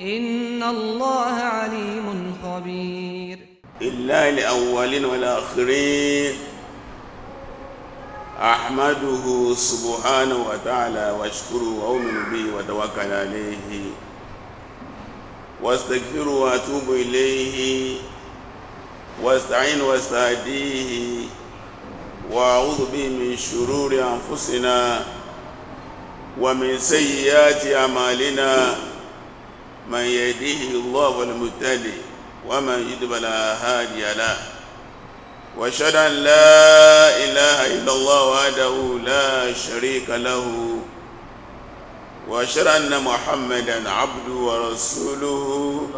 إن الله عليم خبير إلا الاولين والآخرين أحمده سبحانه وتعالى وأشكره وأؤمن به وأتوكل عليه واستغفر وأتوب إليه واستعين واستهديه وأعوذ به من شرور أنفسنا ومن سيئات أعمالنا من يهديه الله والمهتدي ومن يضلل فلا هادي له واشهد ان لا اله الا الله وحده لا شريك له واشهد ان محمدا عبده ورسوله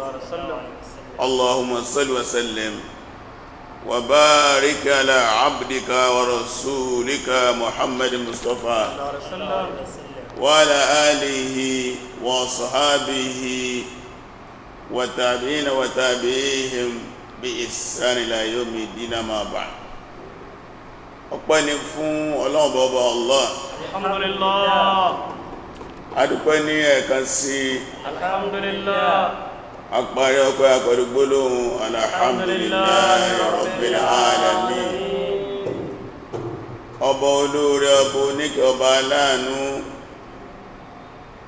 اللهم صل وسلم وبارك على عبدك ورسولك محمد المصطفى وسلم وعلى آله وصحابه وتابعين وتابعيهم بإحسان إلى يوم الدين ما بعد ọpẹ́ ni fún ọlọ́run bọ́bọ́ Allah alhamdulillah adúpẹ́ ní ẹ̀kan sí alhamdulillah àparí ọpẹ́ àpẹẹrẹ gbólóhùn alhamdulillah rabbil alamin ọba olóore ọba oníkẹ ọba aláàánú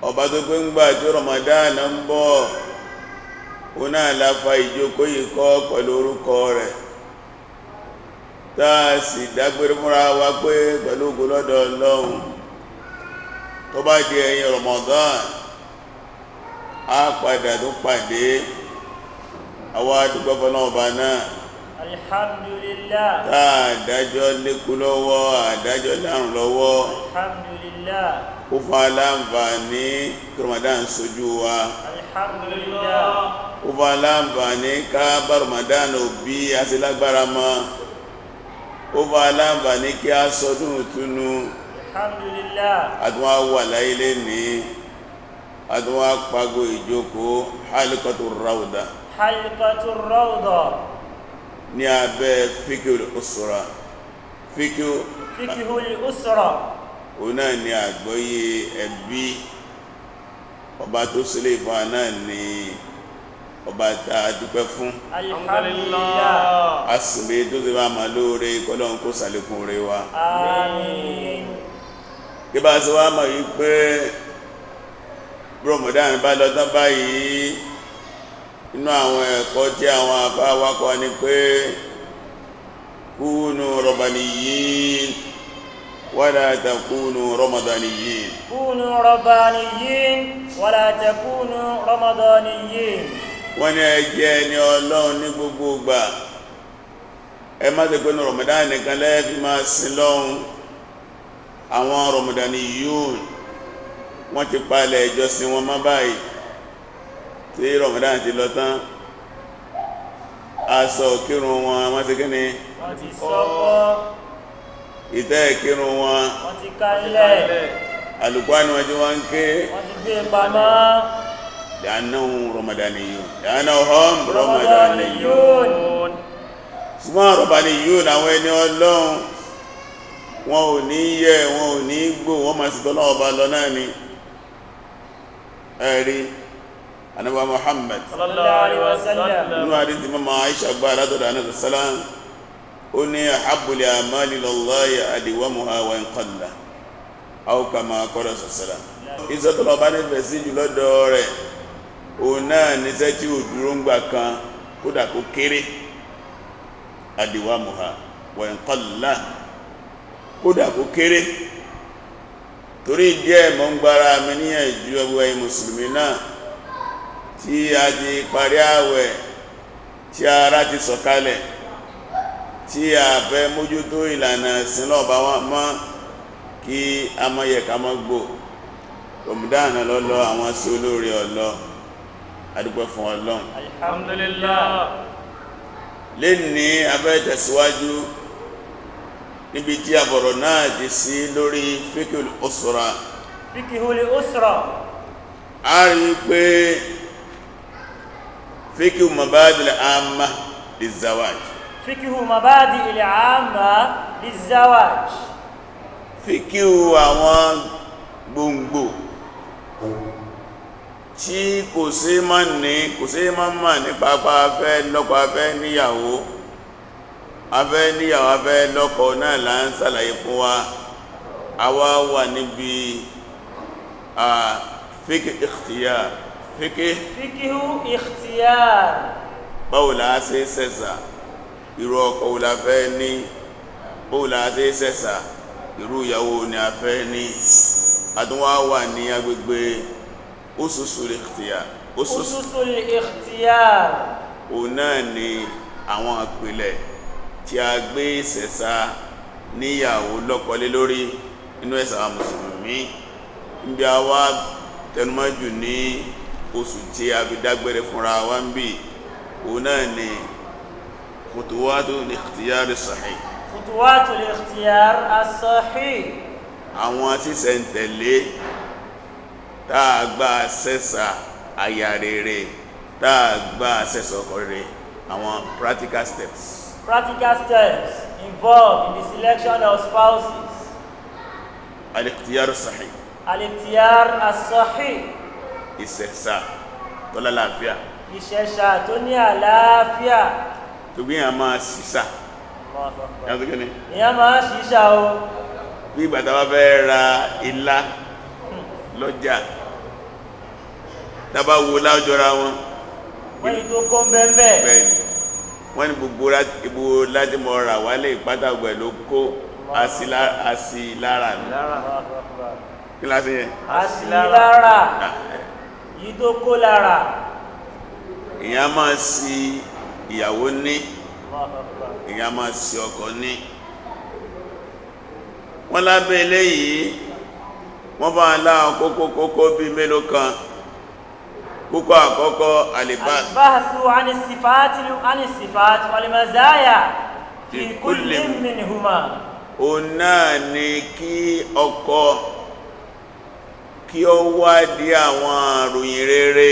ọba tó pé ń gbà tí Ramadan ń bọ̀ ó náà láfa ìjókòó ikọ́ pẹ̀lú orúkọ rẹ̀ táà sì dágbére múra wa pé pẹ̀lú ògùnlọ́dọ̀ Ọlọ́run tó bá di ẹ̀yìn Ramadan á padà tó pàdé àwọn náà alhamdulillah táà lékú lọ́wọ́ àdájọ́ lọ́wọ́ ó fún aláǹfà ní Ramadan sójú wa alhamdulillah ó fún aláǹfà ní káàbà Ramadan òbí àti lágbára ma ó fún aláǹfà ní kí a sọdún ìtúnú alhamdulillah àdúnwà wà láìlé ní àdúnwà pàgó ìjókòó halqatu rawda halqatu abẹ́ fíkí usra fíkí fíkí òun náà ni àgbọ́yé ẹbí ọba tó sílé ìfà náà ni ọba tá dúpẹ́ fún alhamdulillah tó ti bá ma lóore kó sàlékún wa àmín wá mọ̀ yí pé bromodán bá lọ́tán báyìí inú àwọn ẹ̀kọ́ tí àwọn ni pé yìí. ولا تكونوا رمضانيين كونوا ربانيين ولا تكونوا رمضانيين ọlọ́run ní gbogbo ìgbà ẹ má ti pé ní rọ̀mọ̀dán yuun, àwọn ti ìjọsìn wọn má báyìí tí ti lọ tán aṣọ kírun wọn wọ́n ti kí ni ìtẹ́ ìkírun wọn wọ́n ti kálẹ̀ alùkwánu ọjọ́ wọn ké wọ́n ti gbé pamọ́ dánáhùn rọmọdániyún dánáhùn rọmọdániyún ṣùgbọ́n rọmọdániyún àwọn ẹni ọlọ́run wọn ò ní yẹ wọn ò ní gbò wọ́n ma sì tọ́lọ́ ọba lọ náà ni ẹ̀rí anábà Muhammad sallallahu alaihi wasallam ó ní ahabbul a'mali ilallahi adwamuha wa in qalla aw kama qala sọ̀sẹ̀lá ìsọ́tọ̀lọ́ bá nífẹ̀ẹ́ sí jù lọ́dọ̀ rẹ̀ òun náà níṣẹ́ tí ò dúró ń gbà kan kódà kó kéré adwamuha wa in qalla kódà kó kéré torí díẹ̀ mọ́ ń gbára mi ní ẹ̀jú ọgbọ̀ ẹ̀yìn mùsùlùmí náà tí a ti parí ààwẹ̀ tí ara ti sọ̀kalẹ̀ so tí a fẹ́ mójútó ìlànà sínlọ́ọ̀bá mọ́ kí a mọ́ yẹ ká mọ́ gbò rọmùdánà lọ́lọ́ àwọn sí olóore ọlọ́ adúgbẹ́ fún ọlọ́run lè ní abẹ́ tẹ̀síwájú níbi tí a bọ̀rọ̀ náà ti sí lórí fíkìl òsùra a rí pé fíkìl mọ̀bádìlẹ̀ àmà ìzàwájì fíkíhù mabadi ilẹ̀ àmà bí zawaj fíkíhù àwọn gbòǹgbò tí kò sí má ní kò sí má má nípa pa afẹ́ lọ́kọ afẹ́ níyàwó afẹ́ níyàwó afẹ́ lọ́kọ náà là ń sàlàyé wa àwa wà níbi fíkí ikhtiyar fíkí fíkíhù ikhtiyar báwo la ṣe sẹ́sà irú ọkọ wo la fẹ́ ní bó la ṣe sẹ́sà irú ìyàwó ni a fẹ́ ní àtúnwá wà ní agbègbè ususul ikhtiyar ususul ikhtiyar òun náà ni àwọn àpìlẹ̀ tí a gbé sẹ̀sà níyàwó lọ́kọlé lórí inú ẹ̀sà mùsùlùmí níbi a tẹnumọ́jù ní oṣù tí a fi dágbére fúnra wa ń bì òun náà ni خطوات الاختيار الصحيح. خطوات الاختيار الصحيح. tìyàrí asọ́hí àwọn tí ṣe ń tẹ̀lé tààgbà sẹ́sà àyà rere tààgbà sẹ́sọ̀kọ̀rẹ̀ àwọn practical steps practical steps involved in the selection of spouses al-ikhtiyar sahih al-ikhtiyar as-sahih ìṣẹ̀ṣà tó lálàáfíà ìṣẹ̀ṣà tó ní àlàáfíà tó gbé yàn máa sísà o bí ìgbà tá bá fẹ́ ra ilá lọ́jà tá bá wo lájọra wọn wọ́n yìí tó kọ́ bẹ́ẹ̀ wọ́n ni gbogbo láti mọ́ ra wálé ìpátàgbẹ̀ ló kó àsìlára ní kí láti yẹn àsìlára ah. yìí tó kó lára èyàn máa sí ìyàwó ní ìyá máa sí ọkọ ní wọ́n lábẹ́ yìí wọ́n bá aláwọn kókó kókó bí mélòó kan kókó àkọ́kọ́ alìbáàsù o náà ni kí ọkọ kí àwọn rere.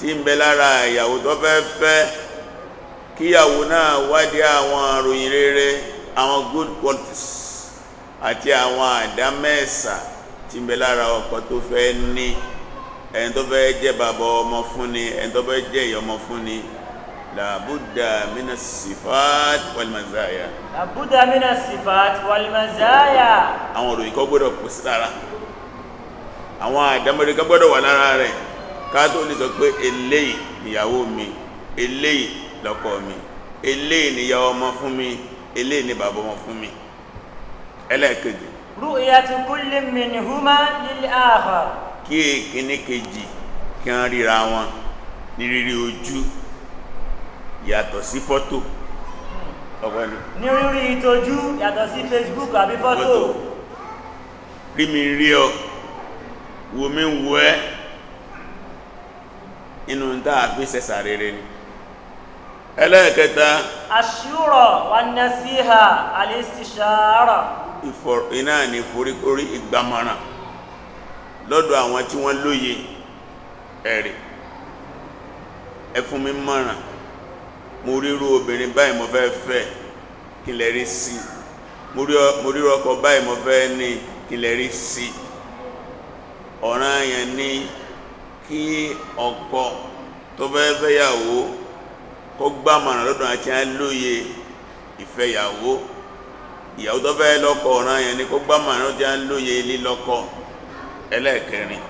tí ń bẹ lára ìyàwó tó fẹ́ fẹ́ kíyàwó náà wádìí àwọn àròyìn rere àwọn good qualities àti àwọn àdámẹ́ẹ̀sà tí ń bẹ lára ọkọ tó fẹ́ ní ẹni tó fẹ́ jẹ́ bàbá ọmọ fún ni ẹni tó fẹ́ jẹ́ ìyá ọmọ fún ni làbúdà mínà sífàt wàlìmàzáyà làbúdà mínà sífàt wàlìmàzáyà àwọn òròyìn kọ́ gbọ́dọ̀ pèsè lára àwọn àdámẹ́rẹ́ kọ́ gbọ́dọ̀ wà lára rẹ̀ káàtó lè sọ pé eléyìí ìyàwó mi eléyìí lọ́kọ mi eléyìí ni ìyàwó ọmọ fún mi eléyìí ni bàbá ọmọ fún mi ẹlẹ́ẹ̀kejì kí èkíní kejì kí wọ́n ríra wọn ní rírí ojú yàtọ̀ sí fọ́tò ọ̀pẹ́lú ní rírí ìtọ́jú yàtọ̀ sí Facebook àbí fọ́tò rí mi rí ọ wo mi wo ẹ́ inú nta a rere ni ẹlẹ́ẹ̀kẹta aṣúrọ̀ wà ní sí ha alẹ́sìṣàárà iná ni foríkorí ìgbàmọ̀ràn lọ́dọ̀ àwọn tí wọ́n lóye loye, ẹfún mi mọ̀ràn mo ríru obìnrin báyìí mo fẹ́ fẹ́ kí lẹ rí sí mo ríru ọkọ báyìí mo fẹ́ ní kí kí ọkọ tó fẹ́ fẹ́yàwó kó gbámọ̀nà lọ́dọ̀ àti alóye ìfẹ́yàwó ìyàwó tó fẹ́ lọ́kọ ọ̀ràn yẹn ni kó gbámọ̀nà lọ́dọ̀ àti alóye ẹlẹ́ẹ̀kẹrin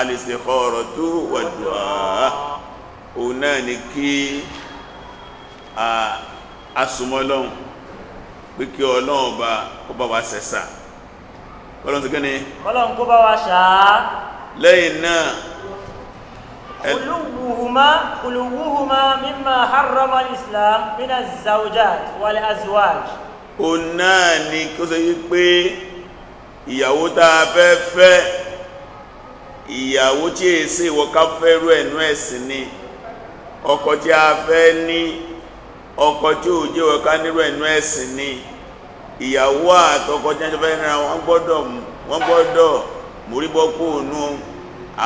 al-istikharatu òun náà ni kí asùmọ́lọ́hun pé kí ọlọ́run bá kó ọlọ́run ti gẹ́ni ọlọ́run kó bá wa ṣàá lẹ́yìn náà kùlùwùhùmá kùlùwùhùmá mímọ̀ harrama islam mina zaujat wal azwaj o náà ni kí ó sọ yí pé ìyàwó tá a ìyàwó tí è sí ìwọ̀ká fẹ́rú ẹ̀nú ẹ̀sìn ni ọkọ tí a fẹ́ ní ọkọ tí ò jẹ́ ìwọ̀ká nírú ẹ̀nú ẹ̀sìn ni ìyàwó àtọkọ tí wọ́n fẹ́ gbọdọ wọ́n gbọ́dọ̀ wọ́n gbọ́dọ̀ kó nú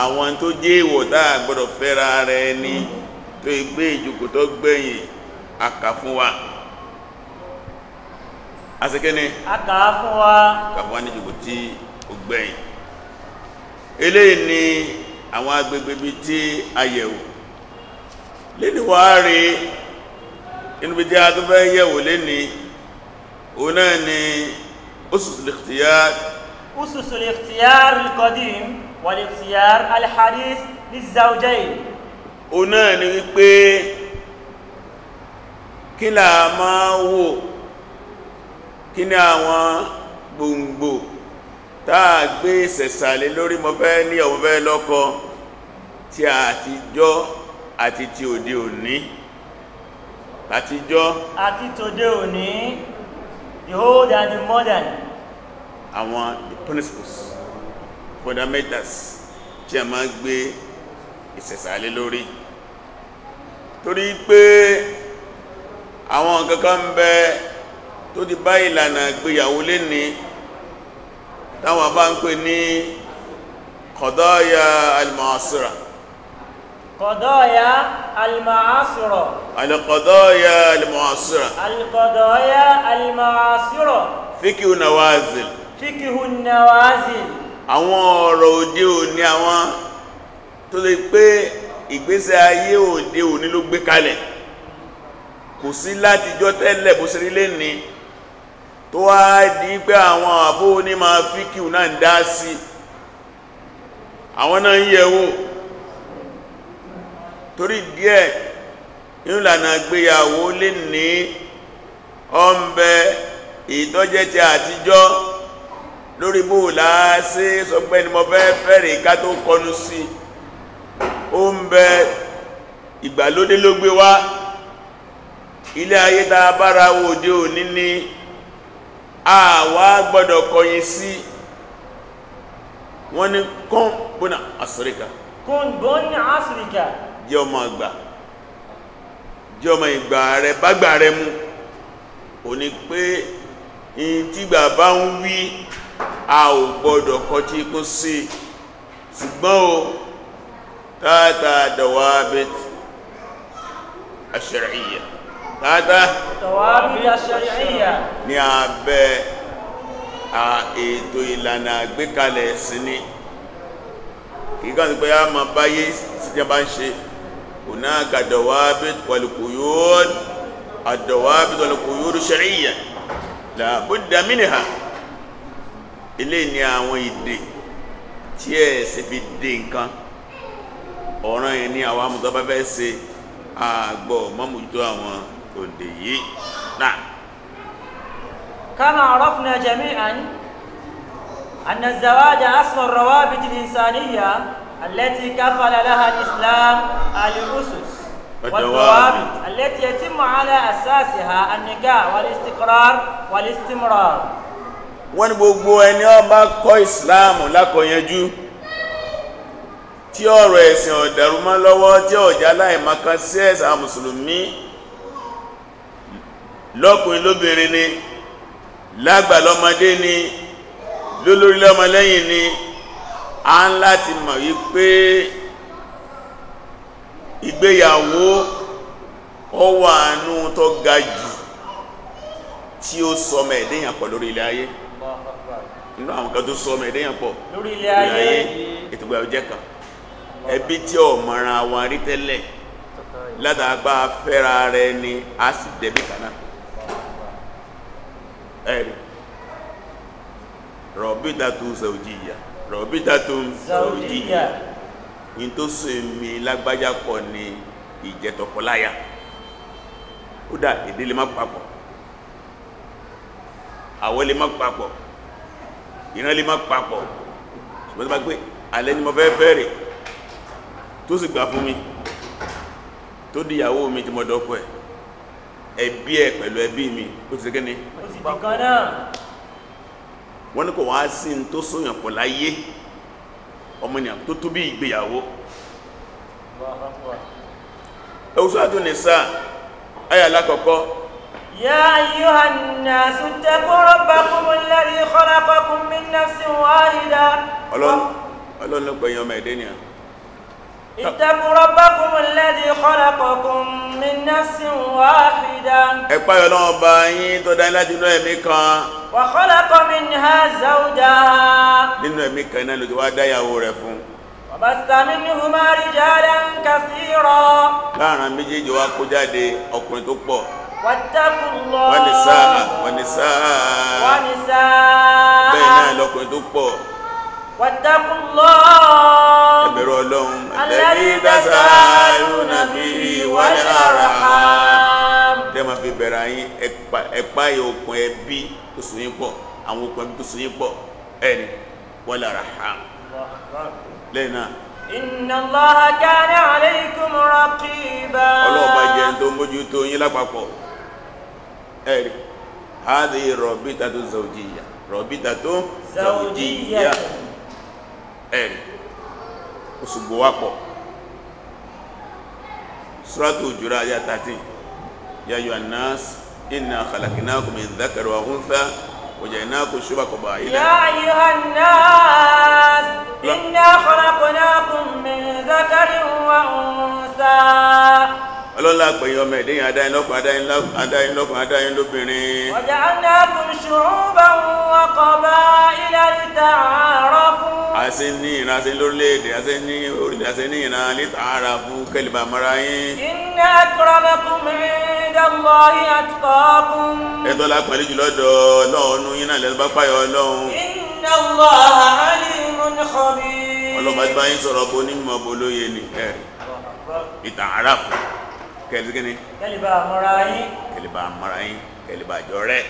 àwọn tó jẹ́ ìwọ̀ táà gbọ́dọ̀ fẹ́ra rẹ̀ ní tó igbé ìjòkó tó gbẹ̀yìn àkà fún wa àkà fún wa àkà fún wa ní tí ó òun náà ni ususul ikhtiyar ususul ikhtiyar al-qadim wal ikhtiyar al-hadith liz-zawjayn òun náà ni wípé kí là máa wò kí ni àwọn gbòǹgbò táà gbé ìsẹ̀sàlẹ̀ lórí mo fẹ́ ní ọmọ fẹ́ lọ́kọ tí àtijọ́ àti ti òde òní àtijọ́ àti tòde òní Behold, I the modern. Àwọn principles, fundamentals tí a máa ń gbé ìsẹ̀sàlẹ̀ lórí. Torí pé àwọn kankan ń bẹ tó ti bá ìlànà ìgbéyàwó lé ní táwọn bá ń pè ní qadaya al-ma'asira. Qadaya al-ma'asira. القضايا المعاصرة القضايا المعاصرة فقه النوازل فقه النوازل àwọn ọ̀rọ̀ òde òní àwọn tó lè pé ìgbésẹ̀ ayé òde òní ló gbé kalẹ̀ kò sí láti jọ tẹ́lẹ̀ bó sí rílé ní tó wá di pé àwọn àfó ní ma fíkíù náà dá sí àwọn náà yẹ̀wò torí díẹ̀ nínú ìlànà ìgbéyàwó lè ní ọmọbẹ ìtọ́jẹ́ ti àtijọ́ lórí bó láásí sọpẹ́ ni mo fẹ́ fẹ́rẹ̀ ká tó kọnu sí ó ìgbàlódé ló gbé wá ilé bára ni àwa gbọ́dọ̀ kọ̀yìn sí wọ́n ni kún bọ́nà asìríkà kún bọ́nà jẹ́ ọmọ àgbà jẹ́ ọmọ ìgbà rẹ bágbà rẹ mú o ní pé in tí gbà bá ń wí a ò gbọ́dọ̀ kọ tí kó sí ṣùgbọ́n o tààtà dawabit ash-shar'iyya tààtà dawabit ash-shar'iyya ní abẹ́ a ètò ìlànà àgbékalẹ̀ sí ní kìí kàn sí pé a máa báyé sí tí a bá ń ṣe هناك ضوابط والقيود الضوابط والقيود الشرعية لا بد منها eléyìí ni àwọn ìdè في ẹ ṣe fi dè nǹkan ọ̀ràn yẹn ni àwọn amútọ́ bá fẹ́ ṣe àgbọ̀ mọ́mújútó àwọn òǹdè yìí náà. kama arafna jami'an anna zawaja asma rawabit al-insaniyya التي كفل لها الإسلام الأسس والضوابط التي يتم على أساسها النكاح والاستقرار والاستمرار wọ́n ní gbogbo ẹni ó bá kọ́ ìsìláàmù lákọ̀ọ́yẹnjú tí ọ̀rọ̀ ẹ̀sìn ọ̀dàrú mọ́ lọ́wọ́ tí ọ̀já láìmaka sí ẹ̀sà mùsùlùmí lọ́kùnrin lóbìnrin ni lágbà ni lólórí ni a ń láti mọ̀ wípé ìgbéyàwó ó wà nú tó ga jù tí ó sọmọ ẹ̀dẹ́yàn pọ̀ lórí ilẹ̀ ayé inú àwọn kan tó sọmọ ẹ̀dẹ́yàn pọ̀ lórí ilẹ̀ ayé ìtùgbà ọjẹ́ kan ẹbí tí ó mọ̀ràn àwọn rí tẹ́lẹ̀ ládàgbà fẹ́ra rẹ ni a sì dẹ̀bí kanáà ẹ̀rì rọ̀bí dàtú sẹ̀ òjì ìyà rọ̀bítà tó ń zàwòjíyà ní tó so èmì lágbájá pọ̀ ní ìjẹtọ̀kọláyà ó dà èdè lè má papọ̀ àwọ̀ lè má papọ̀ ìran lè má papọ̀ ṣùgbọ́n tó bá pé alẹ́ ni mo fẹ́ fẹ́rẹ̀ tó sì gbà fún mi tó di ìyàwó mi tí mo dọ́kọ̀ ẹ̀ ẹbí ẹ̀ pẹ̀lú ẹbí mi ó ti sẹ́kẹ́ ni ó ti dìkan wọ́n ní kò wá sí ní tó sóyàn pọ̀ láyé ọmọnìyàn tó tó bí ìgbéyàwó ẹ̀wùsọ́dún nìsá ayà alákọ̀ọ́kọ́ yá ayyuhan nasu ittaqu rabbakum alladhi khalaqakum min nafsin wahida ọlọ́run ló pẹ̀yàn mẹ́ẹ̀dẹ́nìyàn اتقوا ربكم الذي خلقكم من نفس واحدة ẹ páyọ̀ náà ọba yín tó dá láti inú ẹ̀mí kan wa khalaqa minha zawjaha nínú ẹ̀mí kan náà ló ti wá dá ìyàwó rẹ̀ fún wa basta minhuma rijalan kathira láàrin méjèèjì wá kó jáde ọkùnrin tó pọ̀ wattaqullah wa nisaa wa nisaa wa nisaa bẹ́ẹ̀ náà lọ́kùnrin tó pọ̀ واتقوا الله الذي تساءلون به والأرحام tẹ́ máa fi bẹ̀rẹ̀ yín ẹ̀pá okùn ẹbí àwọn okùn ẹbí tó so yín pọ̀ ẹni wal arham lẹ́yìn náà inna Allaha kana alaykum raqiba ọlọ́ọ̀bá jẹ́ tó mójú tó yín lápapọ̀ ẹ̀rí hadhihi rabitatu zawjiyya rabitatu zawjiyya ẹ̀rì òṣùgbò wápọ̀ suratu Hujurat ayá 13 ya ayyuhan nas inna khalaqnakum min dhakarin wa untha وجعلناكم شعوبا وقبائل يا inna الناس إنا خلقناكم wa ذكر وأنثى ọlọ́lá pẹ̀yìn ọmọ ẹ̀dẹ́yìn adáyín lọ́kùn adáyín lọ́kùn adáyìn lóbìnrin. waja'alnakum shu'uban wa qaba'ila lita'arafu. àṣẹ ní ìran àṣẹ lórílẹ̀-èdè àṣẹ ní orílẹ̀ àṣẹ ní ìran lita'arafu kẹlẹ̀bà mara yín. inna akramakum 'inda Allahi atqakum. ẹ̀tọ́ la pẹ̀lú jùlọ dọ̀ ọlọ́run yín náà lẹ́nu bá pààyọ̀ ọlọ́run. inna Allaha 'alimun khabir. ọlọ́ba kẹlì gíní kẹlìbà mọ́ra yín kẹlìbà mọ́ra yín kẹlìbà jọ rẹ̀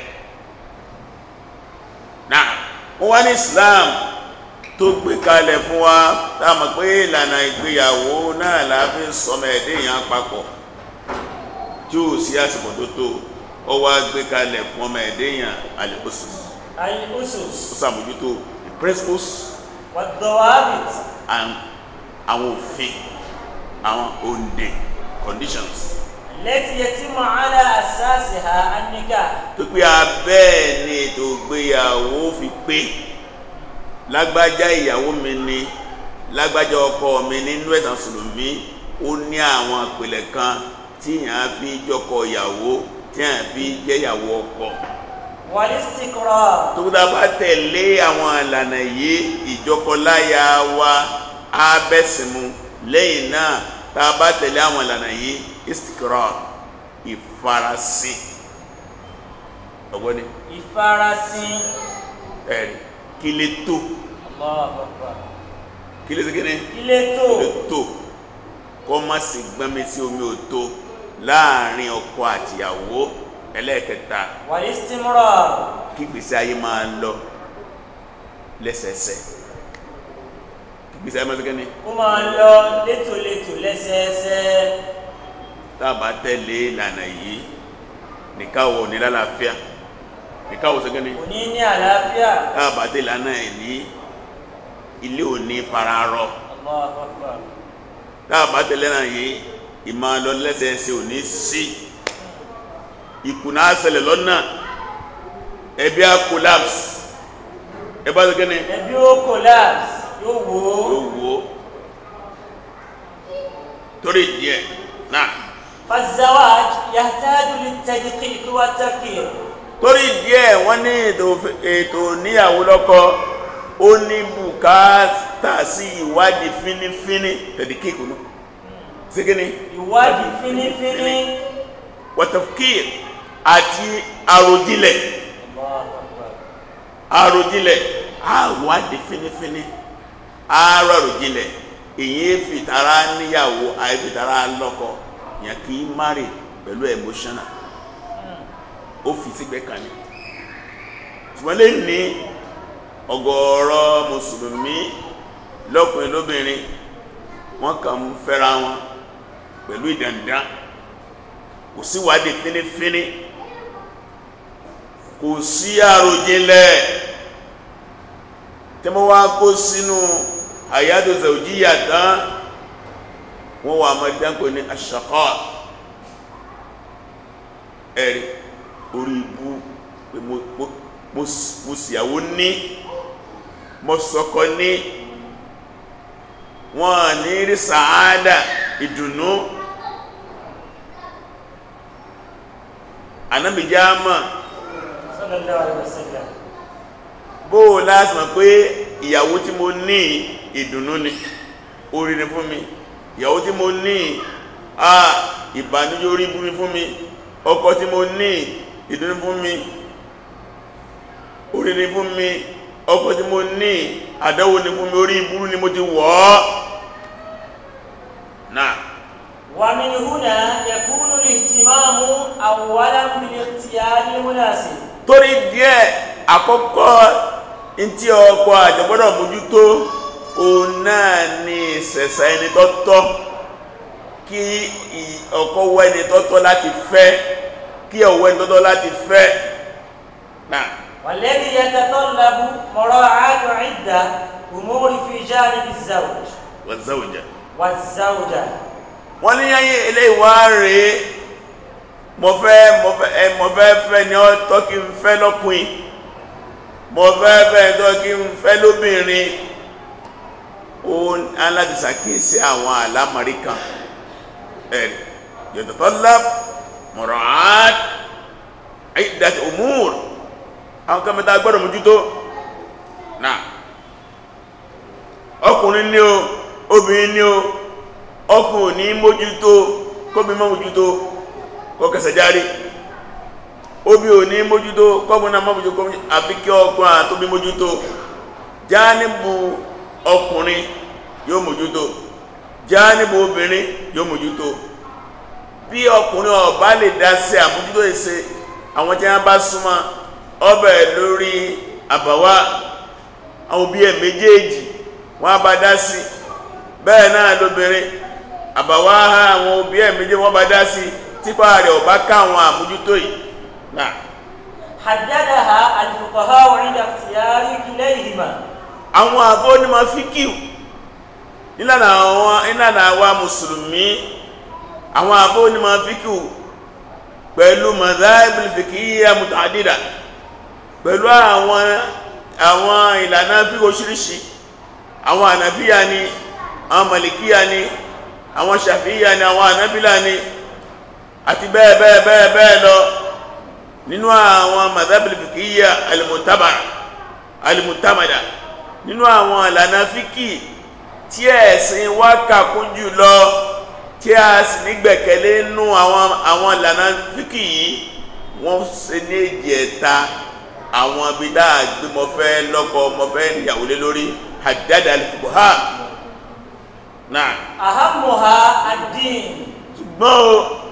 náà wọ́n wá ní Islam tó gbé kalẹ̀ fún wa dáàmà pé ìlànà ìgbéyàwó náà láàbí sọmọ ẹ̀dẹ́ èèyàn papọ̀ tí ó sí àsìkò tó tó ọ wá gbé kalẹ̀ fún ọmọ ẹ̀dẹ́ èèyàn alìkósus ó sàmójútó the principles wàdọ̀wà habit àwọn òfin àwọn òǹdè conditions. lẹ́tí yatima ala asasiha annika. pípé abẹ́ẹ̀ ni ètò ìgbéyàwó fi pé lágbájá ìyàwó mi ni lágbájá ọkọ mi nínú ẹ̀sán sùlùmí ó ní àwọn àpèlẹ̀ kan tí yàn á fi jọkọ ìyàwó tí yàn á fi jẹ́yàwó ọkọ. wàlísítìkọrọ. tó kúta bá tẹ̀lé àwọn ìlànà yìí ìjọkọláya wa á bẹ̀sìn mu lẹ́yìn náà tá a bá tẹ̀lé àwọn ìlànà yìí istikrar ìfarasìn ọgbọ́ni ìfarasìn ẹ̀rì kí lè tó kí lè síkí ní kí lè tó kó má sì gbẹ́mí sí omi ò tó láàrin ọkọ àtìyàwó ẹlẹ́ẹ̀kẹta wà ní stimura kí gbèsè ayé máa lọ lẹ́sẹẹsẹ ìgbésẹ̀ mọ́síkẹ́ ni ó máa lọ létòlétò lẹ́sẹẹsẹ tàbá tẹ̀lé ìlànà yìí nìkáwọ̀ ní lálàáfíà nìkáwọ̀ síkẹ́ ni òní ní àlàáfíà tàbá tẹ̀lé ìlànà ìní ilé òní fararọ tàbá tẹ̀lé ìlànà yìí ìmá lọ lẹ́sẹẹsẹ òní sí ìkùnà àṣẹlẹ̀ lọ́nà ẹbí á collapse ẹbá síkẹ́ ni ẹbí ó collapse yóò wò ó yóò wò ó torí díẹ̀ náà. fazawaj yahtaju lit-tadqiq wa tafkir. torí díẹ̀ wọ́n ní ètò níyàwó lọ́kọ ó ní bùkátà sí ìwádìí fínífíní tadqiq náà sí ni. ìwádìí fínífíní. wa àti àròjinlẹ̀ àròjinlẹ̀ àwádìí fínífíní. àárọ̀rù jílẹ̀ èyí fìtara níyàwó àìfìtara lọ́kọ yàn kí pẹ̀lú emotional ó fi sígbẹ́ kan ṣùgbọ́n lè ní ọ̀gọ̀ọ̀rọ̀ mùsùlùmí lọ́kùnrin lóbìnrin wọ́n kàn ń fẹ́ra wọn pẹ̀lú kò síwádìí fínífíní kò sí tí wọ́n wá kó sínú àyádò zaujiya tán wọ́n wà mọ́ ìdánkò ní aṣàkọ́ ẹ̀rì orí ibú pé mo síyàwó ní mo sọ́kọ ní wọ́n ní rí sàádà ìdùnnú anábìjá mọ́ sallallahu alaihi wasallam bó o láti mọ̀ pé ìyàwó tí mo ní ìdùnnú ni orí ni fún mi ìyàwó tí mo ní à ìbànújẹ́ orí burú fún mi ọkọ tí mo ní ìdùnnú fún mi orí ni fún mi ọkọ tí mo ní àdánwò ni fún mi orí burú ni mo ti wọ̀ المناسب torí díẹ̀ àkọ́kọ́ ntí ọkọ àjọgbọ́dọ̀ mójútó òun náà ni ìṣẹ̀ṣà ẹni tọ́tọ́ kí ọkọ wọ ẹni tọ́tọ́ láti fẹ́ kí ọwọ́ ẹni tọ́tọ́ láti fẹ́ náà والذي يتطلب مراعاة عدة أمور في جانب الزوج والزوجة والزوجة wọ́n ní ayé ilé ìwà rèé mo fẹ́ mo fẹ́ ni ọ́ tọ́kí fẹ́ lọ́kùnrin mo fẹ́ fẹ́ tó kí n fẹ́ lóbìnrin ó aláti sàkíyèsí àwọn àlámọ̀rí kan ẹ̀rì yatatalab mura'at iddat umur àwọn kan mẹ́ta gbọ́dọ̀ mójútó náà ọkùnrin ní o obìnrin ní o ọkùnrin ní mójútó kóbi mọ́ mójútó kó obi ò ní mójútó kọ́mùnà mọ́bùjú kọ́mù àbí kí ọkùn àtóbi mójútó jáníbù ọkùnrin yóò mójútó jáníbù obìnrin yóò mójútó bí ọkùnrin ọba lè dá sí àmójútó èsè àwọn tí wọ́n bá súnmọ́ ọbẹ̀ lórí àbàwá àwọn òbí ẹ̀ e méjèèjì bá dá sí náà lóbìnrin àwọn òbí e méjèèjì bá dá sí típa ọba àmójútó yìí نعم حددها الفقهاء عند اختيار كليهما àwọn àfọ́ ní ma fi kíù nílànà àwọn ìlànà àwa mùsùlùmí àwọn àfọ́ ní ma fi kíù pẹ̀lú mazhaibul fikiyya mutadida pẹ̀lú àwọn àwọn ìlànà fi oṣìṣì àwọn ànàfíyà ni àwọn malikiya ni àwọn shafiya ni àwọn ànàbílà ni àti bẹ́ẹ̀ bẹ́ẹ̀ bẹ́ẹ̀ bẹ́ẹ̀ lọ nínú àwọn mazhabul fiqhiyya alimutaba alimutamada nínú àwọn ìlànà fíkì tí ẹ̀sìn wa kàkún jù lọ tí a sì nígbẹ̀kẹ̀lé nínú àwọn ìlànà fíkì yìí wọ́n ṣe ní ìjẹta àwọn abidá àgbé mọ́fẹ́ mọ́fẹ́ ìyàwó lé lórí haddada al-fuqaha náà ahamuha ad-din ṣùgbọ́n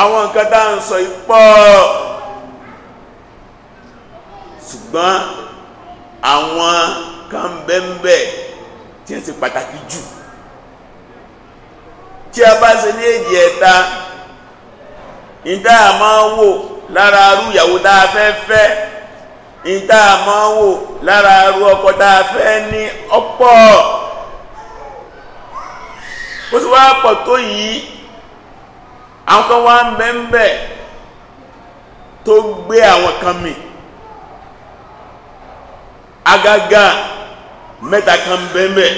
àwọn nǹkan tá ń sọ ipọ́ ṣùgbọ́n àwọn kan bẹ́m̀bẹ̀ tí ẹ ṣe pàtàkì jù tí a bá ṣe ní èjì ẹ̀ta ìdá máa ń wò lára arú ìyàwó dáa fẹ́ fẹ́ ìdá máa ń wò lára arú ọkọ dáa fẹ́ ní ọ̀pọ̀ ó sì wá pọ̀ tó yìí àwọn kan wá mẹ́mẹ́ tó gbé àwọn kan mì agaga mẹ́ta kan bẹ́mẹ́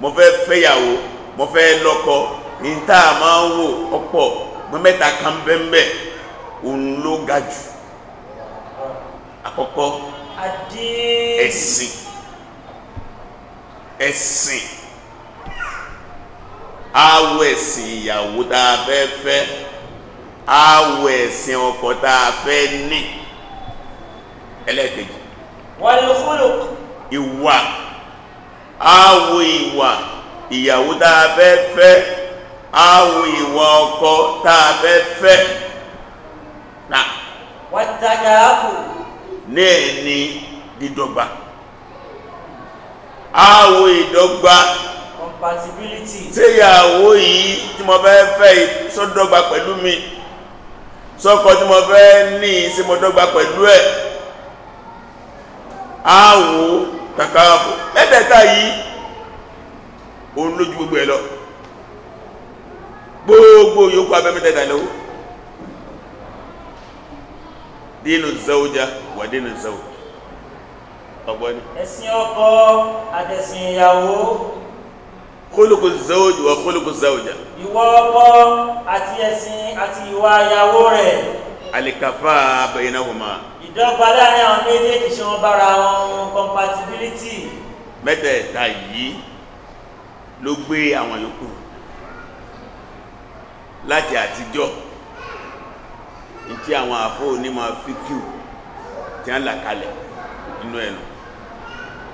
mo fẹ́ fẹ́yàwó mo fẹ́ lọ́kọ ní tá a máa ń wò ọ̀pọ̀ mẹ́ta kan bẹ́mẹ́ òun ló ga jù awọ ẹ̀sìn ìyàwó tá a fẹ́ fẹ́ awọ ẹ̀sìn ọkọ tá a fẹ́ ní ẹlẹ́ẹ̀kejì wal-khuluq ìwà awọ ìwà ìyàwó tá a fẹ́ fẹ́ awọ ìwà ọkọ tá a fẹ́ fẹ́ náà wat-takāful ní ẹni dídọ́gba awọ ìdọ́gba compatibility ṣé ìyàwó yìí tí mo fẹ́ fẹ́ sọ́dọ́gba pẹ̀lú mi sọ́kọ tí mo fẹ́ ní sí mo dọ́gba pẹ̀lú ẹ̀ àwò kàkàbò mẹ́tẹ̀ẹ̀ta yìí òun lójú gbogbo ẹ̀ lọ gbogbo yòókù abẹ́mẹ́tẹ̀ẹ̀ta lọ́wọ́ dínú zawja wà dínú zawj ọgbọ́ni ẹ̀sìn ọkọ àtẹ̀sìn ìyàwó kólókò zawj wa kólókò zawja. ìwọ ọkọ àti ẹ̀sìn àti ìwà ìyàwó rẹ̀. alikafa bainahuma. ìdọ́gba láàrin àwọn méjèèjì ṣe wọ́n bára wọn compatibility. mẹ́tẹ̀ẹ̀ta yìí ló gbé àwọn yòókù láti àtijọ́ tí àwọn àfọ́ onímọ̀ fíkìú tí wọ́n là kalẹ̀ nínú ẹ̀nu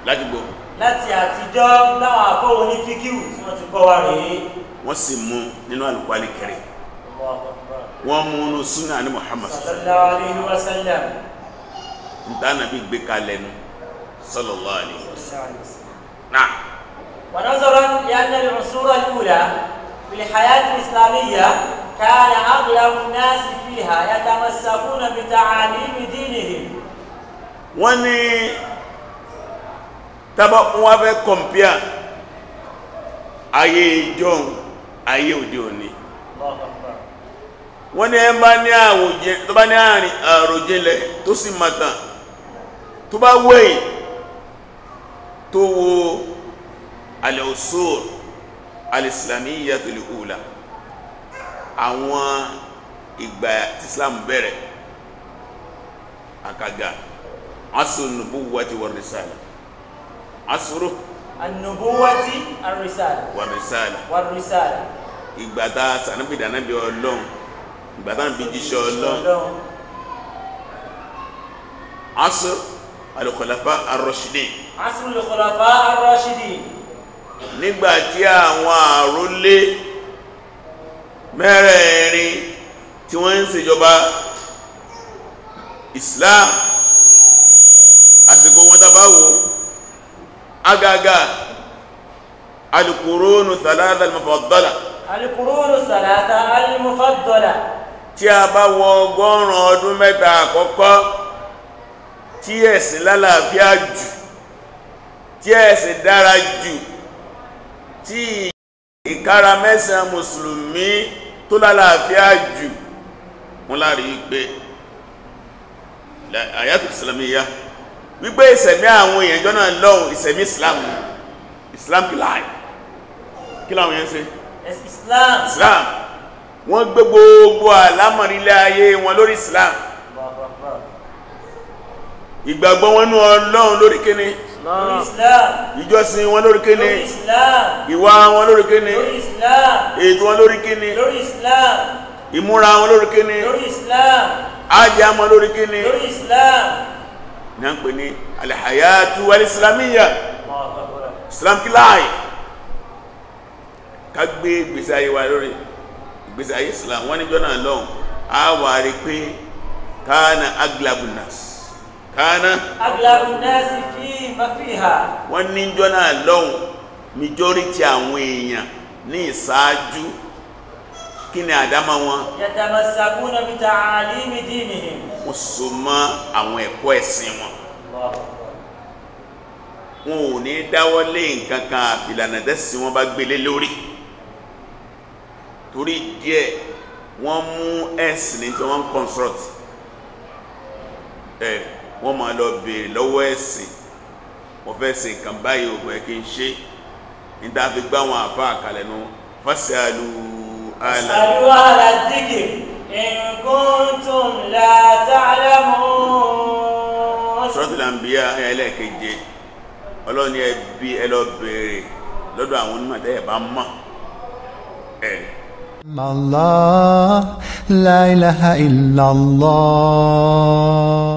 láti gbogbo láti àtijọ́ láwọn àfọ́wò ní fíkíù tí wọ́n ti kọ́ wa rèé wọ́n sì mú nínú alùkwálì kẹrin wọ́n mú nínú súnà ní Muhammad sallallahu alaihi wasallam ntana bí gbé kalẹ̀ nu sallallahu alaihi wasallam náà ونظرا لأن العصور كان أغلب الناس فيها يتمسكون بتعاليم دينهم. wọ́n tàbá wọ́n fẹ́ kọmpíà ayé ìjọun ayé òde òní wọ́n ní ẹmbá ní àwòjẹ́ tó bá ní àárín àròjẹ́lẹ̀ tó sì mata tó bá wẹ́yìn tó wo alẹ́òsòrò alìsìlàmíyàtul ula àwọn ìgbà Islam bẹ̀rẹ̀ àkàgà asùn nubuwwati war risala asúrò. ànùbúwátì àrísàlà. wàrísàlà. wàrísàlà. ìgbà tá a sànúbìdà náà bí ọlọ́run ìgbà tá a bí jíṣẹ́ ọlọ́run. asúrò alùkọ̀láfà arọ́ṣídì. asúrò alùkọ̀láfà arọ́ṣídì. nígbà tí àwọn àrólé Islam àsìkò wọn tá bá wò ó agaga alukurunu salata almufaddala alukurunu salata almufaddala tí a bá wọ ọgọ́rùn ọdún mẹ́ta àkọ́kọ́ tí ẹ̀sìn lálàáfíà jù tí ẹ̀sìn dára jù tí ìkára mẹ́sàn mùsùlùmí tó lálàáfíà jù wọ́n láàrí pé àyàtò ìsìlámíyà wípé ìsẹ̀mí àwọn èèyàn jọ náà lọ́wọ́ ìsẹ̀mí islam ni islam kí láì kí láwọn èèyàn ṣe islam islam wọ́n gbé gbogbo àlámọ̀rílẹ̀ ayé wọn lórí islam ìgbàgbọ́ wọn nú ọlọ́run lórí kíní islam ìjọsìn wọn lórí kíní islam ìwà wọn lórí kíní islam ètò wọn lórí kíní islam ìmúra wọn lórí kíní islam ajé wọn lórí kíní islam ní a ń pè ní alhayatu al-islamiyya islamic life ká gbé ìgbésí ayé wa lórí ìgbésí ayé islam wọ́n ní jọ́nà lọ́hùn a wà rí pé kana aglabunas kana aglabunas fi mafiha wọ́n ní jọ́nà lọ́hùn majority àwọn èèyàn ní ìsáájú kí ni àdámá wọn yatamasakuna bi ta'alimi dinihim wọ́n so mọ́ àwọn ẹ̀kọ́ ẹ̀sìn wọn wọn ò ní dáwọ́lé nǹkan kan àfìlànà tẹ́sìn wọn bá gbélé lórí torí díẹ̀ wọ́n mú ẹ̀sìn ní tí wọ́n ń ẹ̀ wọ́n máa lọ bèèrè lọ́wọ́ ẹ̀sìn wọ́n fẹ́ ṣe nǹkan báyìí ògùn ẹ̀ kí n ṣe ní tá a fi gbá wọn àfa àkàlẹ̀ nu fásitì اسألوا أهل الذكر إن كنتم لا تعلمون سورة الأنبياء آية ẹlẹ́ẹ̀keje Ọlọ́run ní ẹbí ẹ lọ béèrè lọ́dọ̀ àwọn onímọ̀ tẹ́yẹ̀ bá mọ̀ ẹ̀ Allah la ilaha